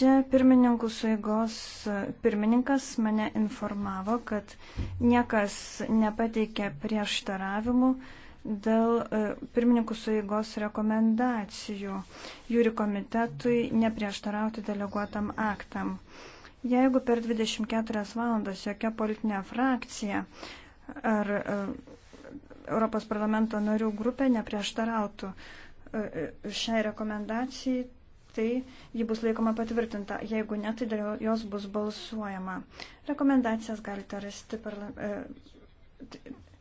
Čia pirmininkų suėgos pirmininkas mane informavo, kad niekas nepateikė prieštaravimų dėl e, pirmininkų suėgos rekomendacijų jūri komitetui neprieštarauti deleguotam aktam. Jeigu per 24 valandas jokia politinė frakcija ar e, Europos parlamento narių grupė neprieštarautų e, šiai rekomendacijai, tai ji bus laikoma patvirtinta. Jeigu ne, tai dėl jos bus balsuojama. Rekomendacijas galite rasti per, e,